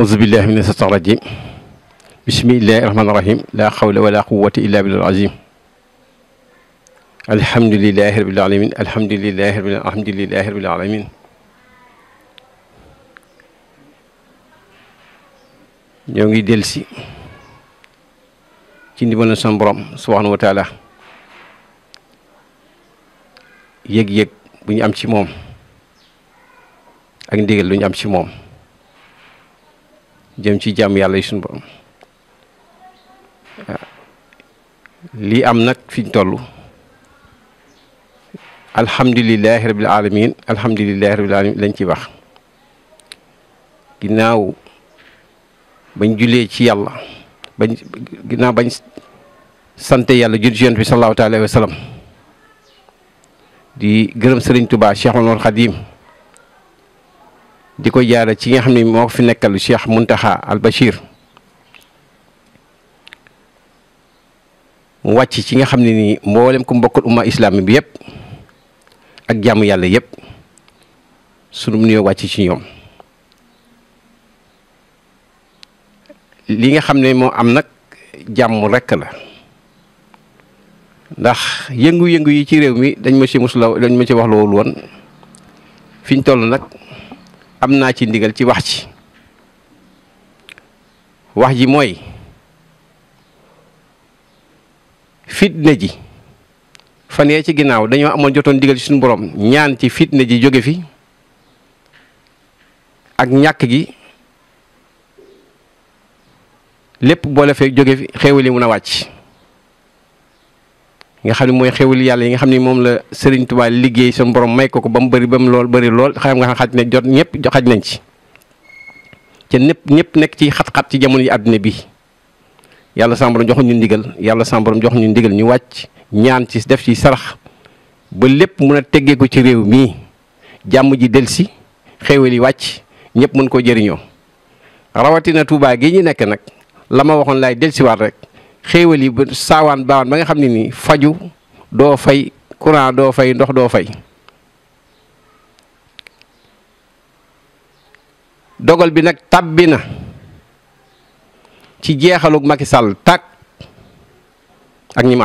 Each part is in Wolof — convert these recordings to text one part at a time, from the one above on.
auzu billahi mina bismillahi rahmaani rahim laa xawla wala quwata illa billahil azim alhamdulilahi rabil alamin alhamdulilahi rabil alamin ñoo ngi delsi ci ndimbalu sama borom subhanahu wa taala yëg am ci moom ak ndigal lu am ci moom jëm ci jàmm yàlla yi suñu borom waaw lii am nag fi ñu toll alhamdulilahi rabil alamin alhamdulilahi rabil alamin lañ ci wax ginnaaw bañ julee ci yàlla bañ ginnaaw bañ sante yàlla jul ci yonent bi sa taala wa sallam di gërëm sëriñ Tuubaa Cheikh Oumar Khadim di koy jaare ci nga xam ne moo fi nekkal lu Cheikh Muntaxa al Bachir mu wàcc ci nga xam ne nii mboolem ku mbokkul umma islami bi yëpp ak jàmm yàlla yëpp sunu nuyoo wàcc ci ñoom li nga xam ne moo am nag jàmm rekk la ndax yëngu-yëngu yi ci réew mi dañ ma ci musula dañ ma ci wax loolu woon fi ñu toll nag am naa ci ndigal ci wax ci wax ji mooy fitne ji fan yee ci ginnaaw dañoo amoon jotoon ndigal ci suñu borom ñaan ci fitne ji jóge fi ak ñàkk gi lépp boole fee jóge fi xéewali mun a wàcc nga xam ne mooy xewul yàlla yi nga xam ni moom la Serigne Touba liggéey sa borom may ko ko ba mu bëri ba mu lool bëri lool xam nga xaj jot ñëpp xaj nañ ci. te ñëpp ñëpp nekk ci xat-xat ci jamono ji àddina bi yàlla sa borom joxuñu ndigal yàlla sa borom joxuñu ndigal ñu wàcc ñaan ci def ci sarax ba lépp mën a ko ci réew mii jàmm ji delsi xewal yi wàcc ñëpp mën ko jëriñoo rawatina Touba gi ñu nekk nag la ma waxoon laay delsiwaat rek. xéewal yi ba saawaan baawaan ba nga xam ne ni faju doo fay courant doo fay ndox doo fay dogal bi nag tàbbi na ci jeexalug Macky Sall tàkk ak ñi mu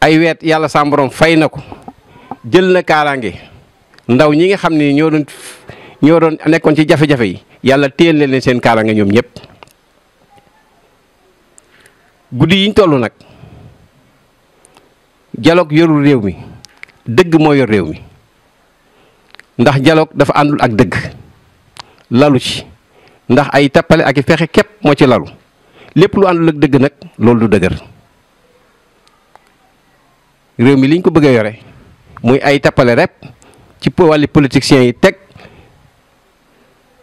ay weet yàlla sa fay na ko jël na kaaraange ndaw ñi nga xam ne ñoo doon ñoo doon nekkoon ci jafe-jafe yi yàlla téyel leen seen kaaraange ñoom ñëpp guddi yiñ toll nag dialogue yorul réew mi dëgg moo yor réew mi ndax dialogue dafa àndul ak dëgg lalu ci ndax ay tappale ak i fexe képp moo ci lalu lépp lu àndul ak dëgg nag loolu du dëgër réew mi liñ ko bëgg a yore muy ay tappale rek ci wàlli politiciens yi teg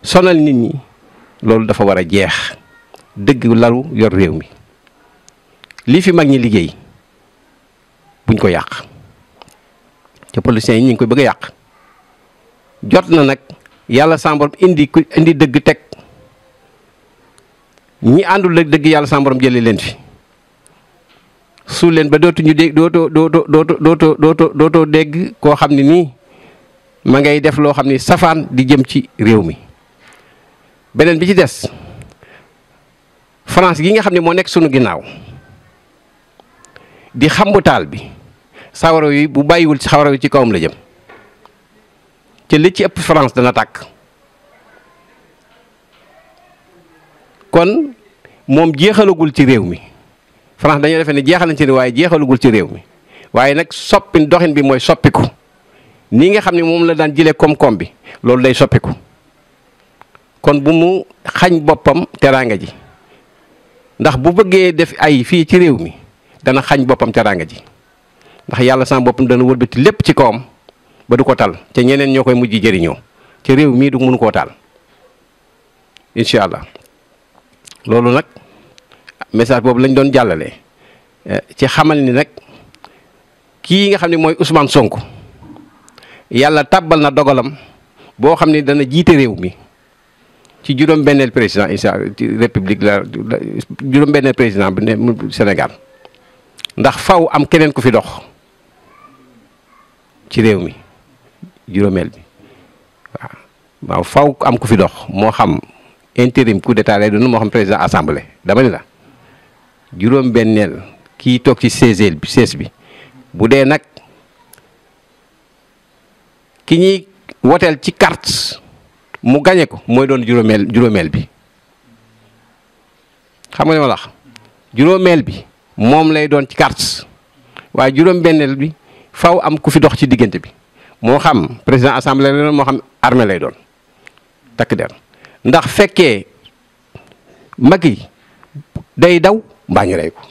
sonal nit ñi loolu dafa war a jeex dëgg lalu yor réew mi lii fi mag ñi liggéey buñ ko yàq te politiciens yi ñu ngi koy bëgg a yàq jot na nag yàlla sàmborom indi indi dëgg teg ñi àndul ak dëgg yàlla sàmborom jëlee leen fi suul leen ba dootuñu dégg dootoo dootoo dootoo dootoo dootoo dégg koo xam ne nii ma ngay def loo xam ni safaan di jëm ci réew mi. beneen bi ci des France gi nga xam ne moo nekk sunu ginnaaw di xambu taal bi sawara yi bu bàyyiwul ci sawara yi ci kawam la jëm ci li ci ëpp France dana tàkk kon moom jeexalagul ci réew mi France dañoo defe ne jeexal nañ ci waaye jeexalagul ci réew mi waaye nag soppin doxin bi mooy soppiku nii nga xam ne moom la daan jëlee koom-koom bi loolu day soppiku. kon bu mu xañ boppam teraanga ji ndax bu bëggee def ay fii ci réew mi dana xañ boppam teraanga ji ndax yàlla sama boppam dana wëlbati lépp ci kawam ba du ko tal te ñeneen ñoo koy mujj jëriñoo ci réew mii du mënu koo taal incha allah loolu nag message boobu lañ doon jàllale eh, ci xamal ni nag kii nga xam ne mooy Ousmane Sonko yàlla tàbbal na dogalam boo xam ne dana jiite réew mi. ci juróom-benneel président Issa république la juróom-benneel bu ne Sénégal ndax faw am keneen ku fi dox ci réew mi juróomeel bi waaw waaw faw am ku fi dox moo xam intérim coup d'état lay doon moo xam président assemblée dama ni la juróom-benneel kii toog ci seizième bi seize bi bu dee nag ki ñuy woteel ci carte. mu gañe ko mooy doon juróomeel juróomeel bi xam nga li ma la juróomeel bi moom lay doon ci carte waaye juróom-benneel bi faw am ku fi dox ci diggante bi moo xam président assemblée lay doon moo xam armée lay doon takk der ndax fekkee mag yi day daw mbaa ñu rey ko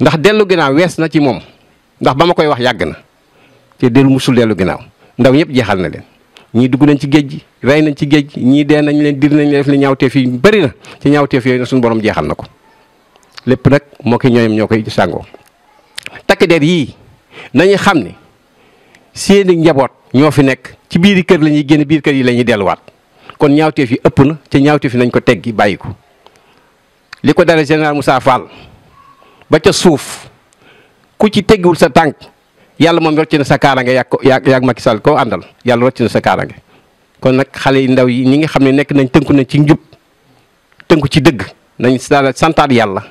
ndax dellu ginnaaw wees na ci moom ndax ba ma koy wax yàgg na. te del musul dellu ginnaaw ndaw ñëpp jeexal na leen ñii dugg nañ ci géej gi rey nañ ci géej ñii dee nañ leen dir nañ def ne ñaawteef yi bëri na ci ñaawteef yooyu nag suñu borom jeexal na ko lépp nag moo koy ñooyam ñoo koy sàngoo takk der yii nañu xam ne seeni njaboot ñoo fi nekk ci biir kër lañuy génne génn biir kër yi lañuy delluwaat kon ñaawteef yi ëpp na ci ñaawteef yi nañ ko teggi bàyyi ko li ko dara général Moussa Fall ba ca suuf ku ci teggiwul sa tànk yàlla moom rocc na sa kaaraange yàgg ko yàgg yàgg Macky Sall koo àndal yàlla rocc na sa kaaraange kon nag xale yi ndaw yi ñi nga xam ne nekk nañ tënku nañ ci njub tënku ci dëgg nañ santaal yàlla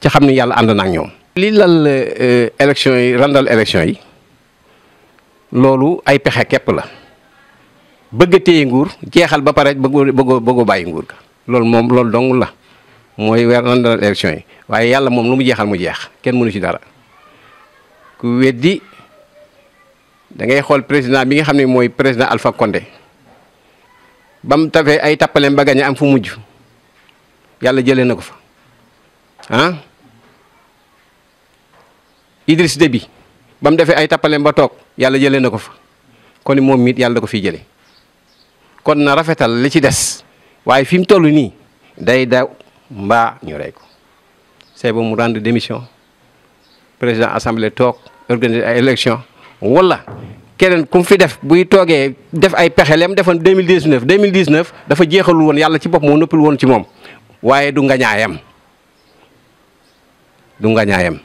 ci xam ne yàlla ànd na ak ñoom. lii lal euh, élection yi randal élection yi loolu ay pexe képp la bëgg a téye nguur jeexal ba pare bëgg bëgg bëgg bàyyi nguur ga loolu moom loolu dong la mooy weer randal élection yi waaye yàlla moom lu mu jeexal mu jeex kenn mënu ci dara ku weddi da ngay xool président bi nga xam ne mooy président Alpha Condé ba mu tafee ay tappaleem ba gañe am fu mujj yàlla jëlee na ko fa ah Idriss Déby ba mu defee ay tappaleem ba toog yàlla jëlee na ko fa kon moom it yàlla ko fiy jële kon na rafetal li ci des waaye fi mu toll nii day daw mbaa ñu rey ko c'est ba mu rendre démission président assemblée toog organiser ay élection wala keneen ku mu fi def buy toogee def ay pexe lem defoon 2019 2019 dafa jeexalul woon yàlla ci bopp moo nëppul woon ci moom waaye du nga ñaayam du nga ñaayam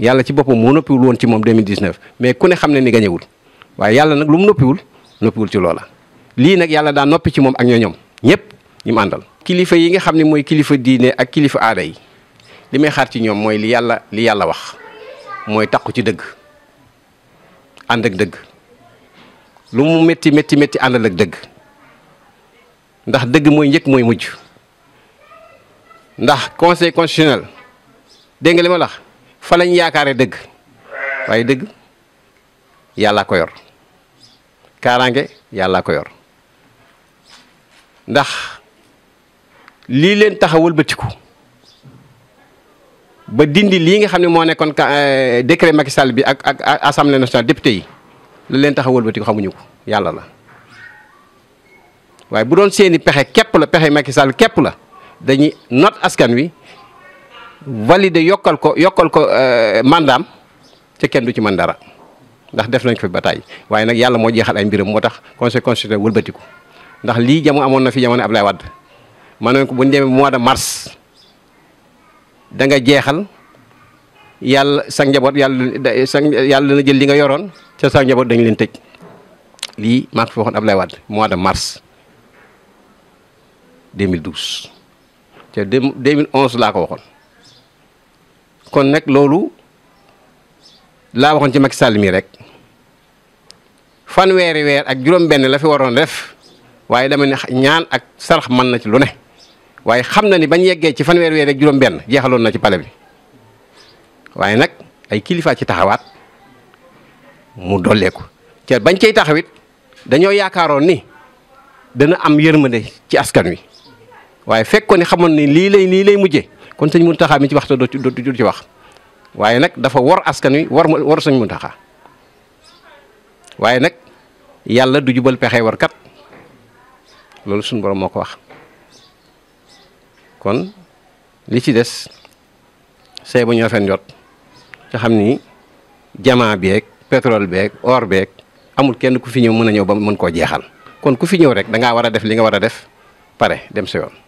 yàlla ci boppam moo noppiwul woon ci moom 2019 mais ku ne xam ne ni gañewul waaye yàlla nag lu mu noppiwul noppiwul ci loola lii nag yàlla daa noppi ci moom ak ñooñoom ñëpp ñu mu kilifa yi nga xam ni mooy kilifa diine ak kilifa aada yi li may xaar ci ñoom mooy li yàlla li yàlla wax mooy takku ci dëgg. ànd ak dëgg lu mu métti métti métti àndal ak dëgg ndax dëgg mooy njëkk mooy mujj ndax conseil constitutionnel dégg nga li ma la wax yaakaare dëgg waaye dëgg yàllaa ko yor kaaraange yàllaa ko yor ndax lii leen taxawul bëtiku ba dindi lii nga xam ne moo nekkoon eh, décret Macky Sall bi ak ak assemblée nationale député yi la leen tax a wëlbati xamuñu ko yàlla la. waaye bu doon seeni pexe képp la pexe Macky Sall képp la dañu not askan wi valider yokkal ko yokkal ko eh, mandaam te kenn du ci mën dara ndax def nañ ko fi bataay waaye nag yàlla moo jeexal ay mbiram moo tax conseil constitutionnel wëlbatiku ndax lii jamono amoon na fi jamono Abdoulaye Wade ma ne ko bu ñu demee de mars. da nga jeexal yàlla sa njaboot yàlla sa yàlla dana jël li nga yoroon ca sa njaboot dañu leen tëj lii maa ko fi waxoon Ablaye Wade mois de mars 2012 te 2011 laa ko waxoon kon nag loolu laa waxoon ci mag Sall mii rek fanweeri weer ak juróom-benn la fi waroon def waaye dama ne ñaan ak sarax mën na ci lu ne. waaye xam na ni bañ yeggee ci fanweer weer rek juróom-benn jeexaloon na ci pale bi waaye nag ay kilifa ci taxawaat mu dolleeku te bañ cay taxawit dañoo yaakaaroon ni dana am yërmande ci askan wi waaye fekk ko ni xamoon ni lii lay lii lay mujje kon sëñ Muntaxa mi ci waxta doo du ci wax waaye nag dafa war askan wi war war mun Muntaxa waaye nag yàlla du jubal pexe war kat loolu suñ borom moo ko wax kon li ci des say bu ñoo fen jot nga xam ni jamaa beeg pétrole beek or beek amul kenn ku fi ñëw mën a ñëw ba mën koo jeexal kon ku fi ñëw rek da ngaa war a def li nga war a def pare dem sa yoon